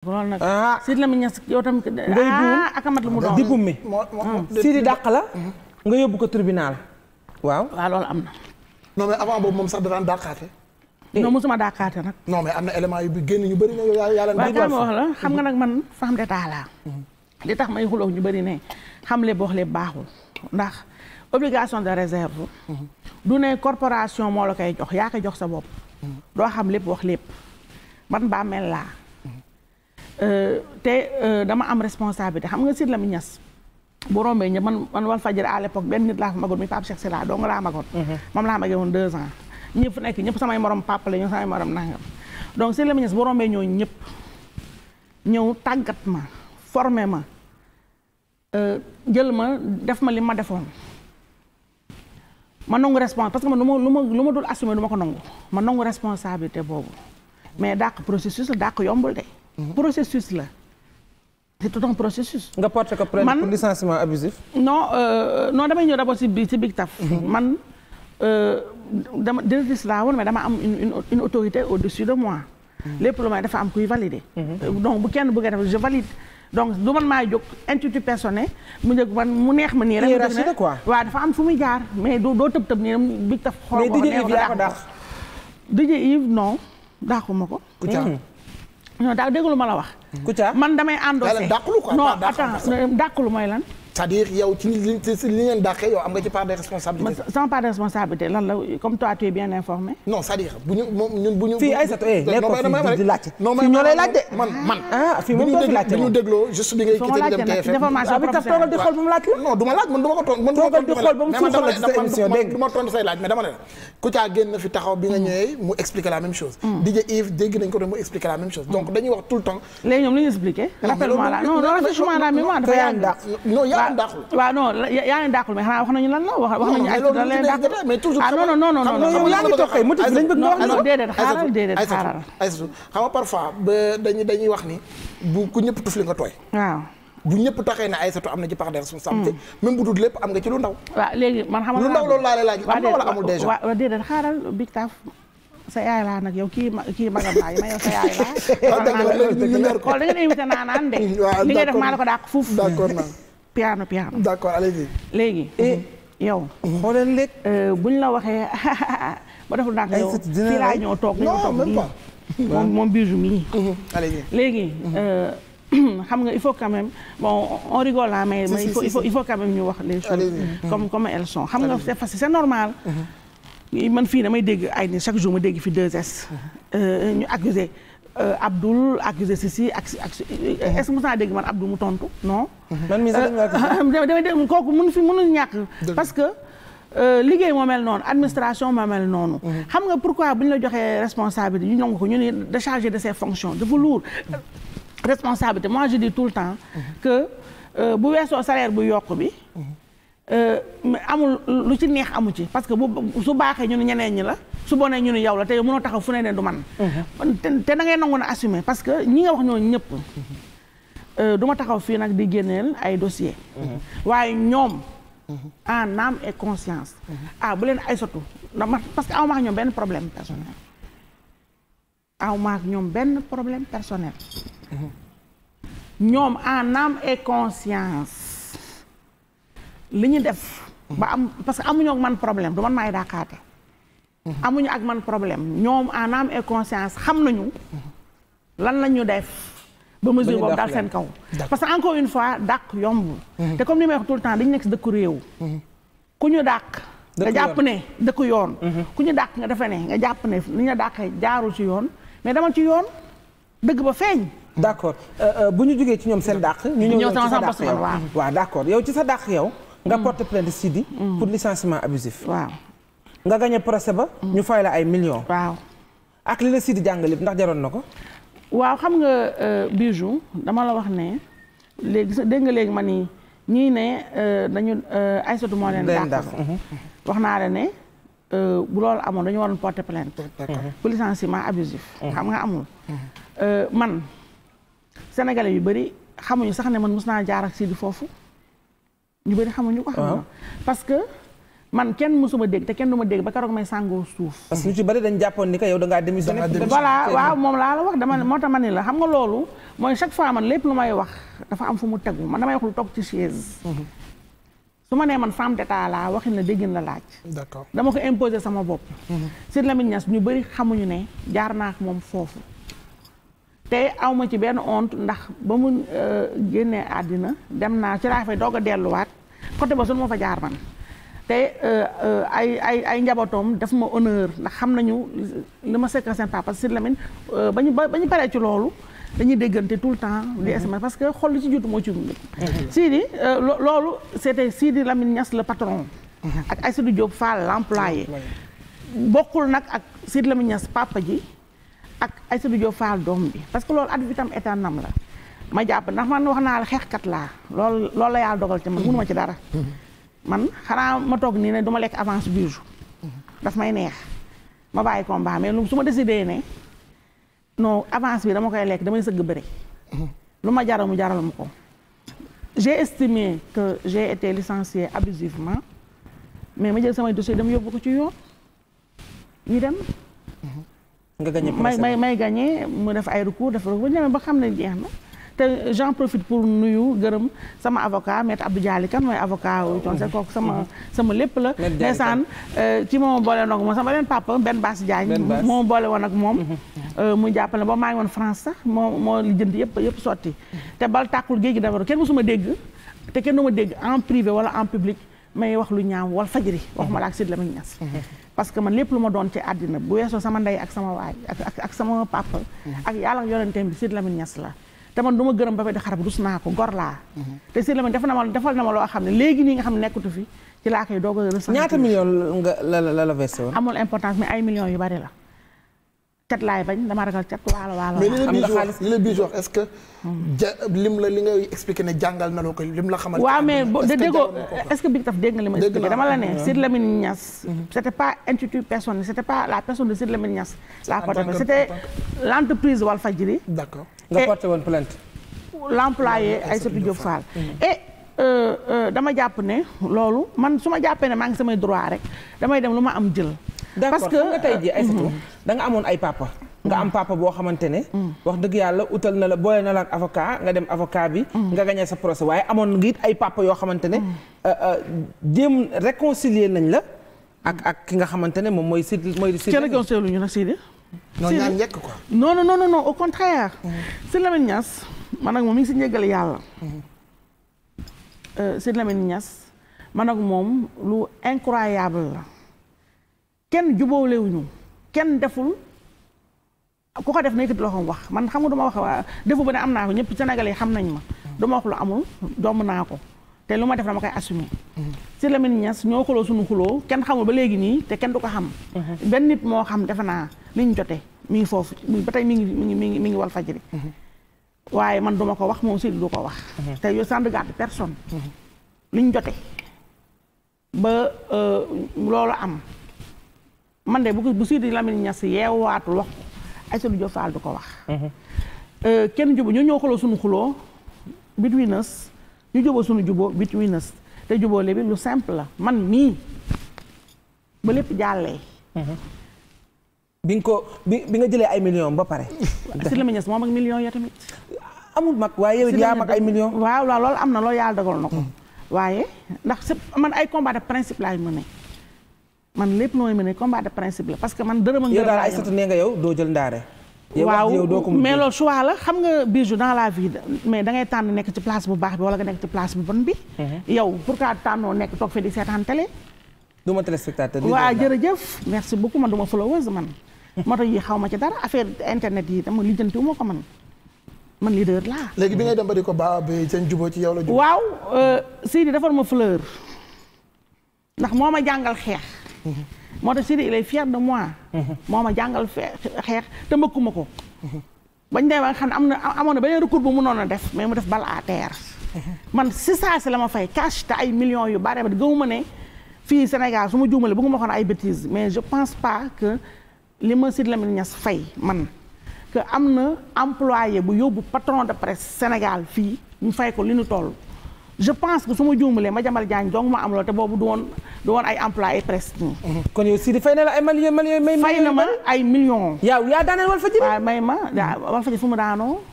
loolu nag ah. Sidi Lamine Niass yow tam ngay ah, buum ak lu mu doon di buum mi hmm. Sidi dàq la nga yóbbu ko tribunal waaw waaw loolu am na non mais avant boobu moom sax da daan dàqaate non mosuma dàqaate nag non mais am na élément yu bi génn ñu bëri ne yàlla waaw kaa ma xam nga nag man femme d'état laa mm-hmm. li tax may xuloog ñu bari ne xam le boox le baaxul ndax obligation de réserve mm-hmm. du ne corporation moo la koy jox yaa koy jox sa bopp mm-hmm. doo xam lépp wax lépp man bàmmeel laa Euh, te euh, dama am responsabilité xam nga Sidy Lamine Niass bu rombee ñëpp man man wal fajër à l'époque benn nit laa fa magoon mi Pape Cheikh Sylla laa mhm. moom laa magee woon deux ans ñëpp nekk ñëpp samay morom papa la ñoo samay morom nangam donc Sidy Lamine Niass bu rombee ñoo ñëpp ñëw tàggat ma forme ma euh, jël ma def ma li ma defoon ma nangu responsabilité parce que man lu ma lu ma lu ma dul assumer du ma ko nangu ma nangu responsabilité boobu mais dàq processus la dàq yombul de processus la. c'est tout un processus. nga porté ko plainte pour licenciement abusif. no euh, non damay ñëw d'abord ci bi ci Big Taf. Mhm. man euh, dama directrice laa woon mais dama am une autorité au-dessus de moi. lépp lu may dafa am kuy valider. Mhm. Euh, donc bu kenn bëggee def je valide. donc du man maa jóg institut personnel mu jóg man mu neex ma nii rek. hiérarchie la quoi waa dafa am fu muy jaar mais doo doo tëb tëb nii rek Big Taf. xool nga ko neex ko dàq mais DJ non dàqu ko. non daa dégg lu ma la wax. Kouthia man damay endossé. dàqulu quoi non attends dàqulu mooy lan. cest à yow ci li li ngeen yow am nga ci part de responsabilité. sans part de responsabilité lan la comme toi tu es bien informé. non c'est-à-dire bu ñu moom fi eh, laajte bi ngay quitté mu laaj la. non du ma laaj man du ma ko tontu man. toogal di xool la ci sa émission dégg nga. du ma tontu say laaj mais dama ne la. Kouthia génn fi taxaw bi nga mm. ñëwee mu expliquer la même chose. Mm. expliquer la même chose. donc mm. dañuy wax tout le temps. dàqul dàqul waaw non yaa ngi dàqul mais xanaa wax nañu lan la wax nañu ay tudd leen dàqul mais toujours ah non non non non non yaa ngi toog kay motif dañ bëgg wax non déedéet xaaral déedéet xaaral xam nga parfois ba dañuy dañuy wax ni bu ku ñëpp tufli nga tooy waaw bu ñëpp taxee ne Aïssatou am na ci part de responsabilité mm. même bu dul lépp am nga ci lu ndaw waaw léegi man xam nga lu ndaw loolu laa lay laaj am na wala amul déjà waaw déedéet xaaral big taf sa yaay laa nag yow kii kii magam laa yi ma yow sa yaay laa ah, xool da ngeen invité naanaan de li nga def maa la ko dàq fuuf d'accord naa piano piano. d'accord allez léegi. Mm-hmm. Eh, yow. xoolal léeg. Euh, buñ la waxee ba defu ndànk yow fii laa ñëw toog ñëw toog nii moom moom bijou mii. Mm-hmm. allez léegi. Mm-hmm. Euh, xam nga il faut quand même bon on rigole là mais mais il faut il faut il faut quand même ñu wax les choses comme comme elles sont xam nga c'est facile c'est normal. man fii damay dégg ay ni chaque jour ma dégg fi 2 euh, ñu accusé. Euh, Abdoul ak Cissy ak ak euh, est-ce que mos dégg man Abdoul mu tontu non. man mii sax euh, damay dégg kooku mun fi mënul ñàkk. parce que liggéey moo mel noonu administration moo mel noonu. Mm-hmm. xam nga pourquoi bu ñu la joxee responsabilité ñu nangu ko ñu ni déchargé de ses fonctions dafa lourd. responsabilité moi je dis tout le temps. Mm-hmm. que bu weesoo salaire bu yokk bi. Mm-hmm. amul lu ci neex amu ci parce que bu su baaxee ñu ne ñeneen ñi la. su bonee ñu ne yow la te mënoo taxaw fu ne ne du man te na ngay nangu na assumer parce que ñi nga wax ñoo ñëpp euh, du ma taxaw fii nag di génneel ay dossier waaye ñoom en âme et conscience ah bu leen ay sotu parce que awma ak ñoom benn problème personnel ñoom benn problème personnel ñoom en âme et conscience li ñu def ba am parce que amuñoo man problème du man maay daakaate amuñu ak man problème ñoom en âme et conscience xam nañu lan la ñu def ba mesure boobu daal seen kaw parce que encore une fois dàq yombul mhm. te comme ni may wax tout le temps dañu nekk si dëkku réew mhm. ku ñu dàq nga jàpp ne dëkku yoon mhm. ku ñu dàq nga defe ne nga jàpp ne li ñu dàqee jaarul ci yoon mais dama ci yoon dëgg ba feeñ d'accord euh, euh, bu ñu jógee ci ñoom seen dàq ñu ñëw sama yow ci sa dàq yow nga mm. porte plainte Sidi mm. pour licenciement abusif waaw nga gagné procès ba. Mm. ñu fay la ay million waaw ak li la Sidi jàngalee ndax jaroon na ko. waaw xam nga euh, bijou dama la wax ne léegi sa dégg nga léegi ma nii ñii ne euh, dañu euh, Aïssatou moo leen. dàq mhm. wax naa la ne bu loolu amoon dañu waroon porter plainte. Mhm. pour licenciement abusif. Mhm. xam nga amul. man sénégalais yu bëri xamuñu sax ne man mus naa jaar ak Sidi foofu ñu bëri xamuñu ko. xam man kenn mësuma dégg te kenn du ma dégg ba keroog may sàngoo suuf. parce que ñu bari dañ jàppoon ni que yow da ngaa démissionné. voilà waaw moom wax dama moo tax ma la xam nga loolu mooy chaque fois man lépp lu may wax am fu mu tegu man damay wax lu toog ci chaise. Mhm. su ma nee man femme d'état laa waxin la déggin la laaj. d'accord dama ko imposer sama bopp. Mhm. Sidy Lamine Niass ñu bari xamuñu ne jaar naa ak moom foofu. te awma ci benn honte ndax ba mu euh, génnee àddina dem naa ci laa fay doog a delluwaat côté ba sunu ma fa jaar man. te euh, euh, ay ay ay njabootoom daf ma honneur ndax xam nañu li ma sekkal seen papa si Lamine euh, ba ñu ba ñu paree ci loolu dañuy déggante tout le temps di mhm. SMS parce que xol li ci juutu moo ci mujj. Mhm. Sidi loolu c'était Sidi Lamine ñas la patron. Mhm. ak Aïssatou Diop Fall l'employé. bokkul nag ak Sidi Lamine Niass papa ji ak Aïssatou Diop Fall doom bi parce que loolu ad vitam aeternam la ma jàpp ndax man wax naa la xeexkat laa loolu loolu la yàlla dogal ci ma mënu ma ci dara. man xanaa ma toog nii ne du lekk avance biir daf may neex ma bàyyi combat mais lu su ma décidé ne non avance bi dama koy lekk damay sëgg bëri lu ma jaral mu jaral ma ko j'ai estimé que j'ai été licenciée abusivement mais ma jël samay dossier dama yóbbu ko ci yoon ñu dem nga gagné may may gagné mu def ay recours def recours ba ñeme ba xam ne jeex na te j'en profite pour nuyu gërëm sama avocat maître Abdou Dialy kan mooy avocat wu conseil kooku sama sama lépp la ndeysaan ci euh, moom boole woon ak moom sama beneen papa benn baas Diagne moom boole euh, woon ak moom muy jàppale ba maa ngi woon France sax moo moo li jënd yëpp yëpp sotti te bal tàkkul géej gi dafaru kenn musuma dégg te kenn du ma dégg en privé wala en public may wax lu ñaaw wal fajiri waxuma la ak Sidy Lamine Niass mhm. parce que man lépp lu ma doon ci àddina bu weesoo sama ndey ak sama waay ak ak sama papa mhm. ak yàlla yonenteem bi Sidy Lamine Niass la te man duma gërëm ba fay di xar bu rus naa ko gor laa mhm. te si la man def na ma loo xam ne léegi nii nga xam ne nekkutu fi ci laa koy doog a ressenti ñaata million nga yu bari la la li la biis wax est-ce que hmm. ja lim la li nga expliqué ne jàngal na loo ko lim la xamal waaw mais da déggoo est-ce que ma expliqué dama la ne hmm. Sidy Lamine Niass hmm. c'était pas institut personne c'était pas la personne de Sidy Lamine laa ko defee c'était l'entreprise Walfadjri d'accord nga porté woon plainte. l'employé Aïssatou Diop Fall. Euh, euh, dama jàpp ne loolu man su ma jàppee ne maa ngi samay droit rek damay dem lu ma am jël. parce que nga tey jii Aïssatou mhm. da nga amoon ay papa. nga am papa boo xamante ne. Mhm. wax dëgg yàlla utal na la boole na la ak avocat nga dem avocat bi. Mhm. nga gagné sa procès waaye amoon nga it ay papa yoo xamante ne. Euh, jéem réconcilier nañ la. ak ak ki nga xamante ne moom mooy. Sidi mooy Sidi. cër ñu si Sidi. non ñaan njëkk quoi. non non non non au contraire. Mm. Sidy ngi si njëggal yàlla. Mm. Euh, Sidy Lamine Niass man ak moom lu incroyable la kenn jubóolewuñu kenn deful ku ko def na yëkkati loxoom wax man xam nga duma wax waa defu ba ne am naa ko ñëpp Sénégalais yi xam nañ ma. Mm. duma wax lu amul doom naa ko. te lu ma def dama koy assumer. Mm-hmm. si Lamine Niass ñoo xuloo suñu xuloo kenn xamul ba léegi nii te kenn du ko xam. Mm-hmm. benn nit moo xam defe naa liñ jote mi ngi foofu ba tey mi ngi mi ngi mi ngi mi ngi wal mm-hmm. waaye man duma ko wax moom Sidi du ko wax. te yow sans regarder personne. liñ jotee ba euh, loolu am man de bu ko bu Sidi Lamine Niass yeewaatul wax ko Aïssatou Diop du ko wax. Euh, kenn jubu ñoo ñoo xuloo suñu xuloo between ñu juboo suñu juboo between us te juboole bi lu simple la man mii ba lépp jàllee bi nga ko bi bi nga jëlee ay millions ba pare si la meñes moom ak millions ya tamit amul mag waaye yow yaa mag ay millions waaw loolu am na loolu yàlla dogal na ko waaye ndax man ay combat de principe laay mën man lépp nooy mën ne combat de principe la parce man dërëm ak yow daal ay satu nee nga yow doo jël ndaare waaw mais loolu choix la xam nga bijou dans la vie mais da ngay tànn nekk ci place bu baax bi wala nga nekk ci place bu bon bi. Mhm. yow pourquoi tànnoo nekk toog fii di seetaan télé. du ma téléspectateur waaw jërëjëf merci beaucoup man du ma followers man. moo yi xaw ma ci dara affaire internet yi dama lijjanti wu ko man. man leader laa. léegi bi ngay dem ba di ko baax bi seen ci yow la. jubóo waaw euh, Sidi defar ma fleur. ndax moo ma jàngal xeex. Mhm. moo tax Sidi il est fier de moi. moo ma jàngal xeex te mëkkuma ko. bañ demee ba nga xam ne am na amoon na beneen recours bu mënoon a def mais mu def bal à man si saa si la ma fay cash te ay millions yu bari ba gëmuma ne fii Sénégal su ma juumalee bu ma waxoon ay bêtises mais je pense pas que li ma Sidi Lamine Niass fay man. que am na employé bu yóbbu patron de presse Sénégal fii mu fay ko li ñu toll. je pense que su ma juumalee Madiambal Diagne dong ma am loolu te boobu du woon du woon ay emploi ay presse nii. Mhm. kon yow Sidi fay na la ay millions millions may. fay na ma ay millions. yow yaa may ma Walfadjri fu mu daanoo.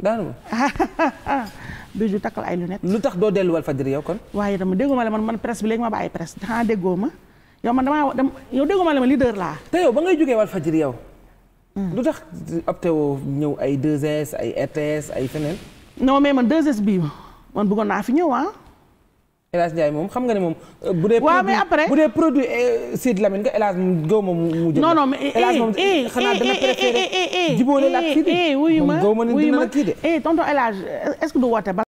daanu ma. Bijou takkal ay lunettes. lu tax doo dellu Walfadjri yow kon. waaye dama déggoo ma man man presse bi léegi ma bàyyi presse xanaa déggoo ma yow man damaa dem yow déggoo ma la ma leader laa. te yow ba ngay jugee jógee Walfadjri yow. Hmm. lu tax opté woo ñëw ay 2 ay RTS e ay feneen. non mais man 2S bii. man buggoon naa fi ñëw ah. El moom xam nga ne moom. Euh, bu produit mais après bu dee produit eh, Sidi Lamine nga El Hadj gaw ma mu. jënd non eh, moom eh, xanaa dana préféré. jubóole la ak Sidi moom gaw ma ne dina la kii de. tonton El Hadj est-ce que du woote ba.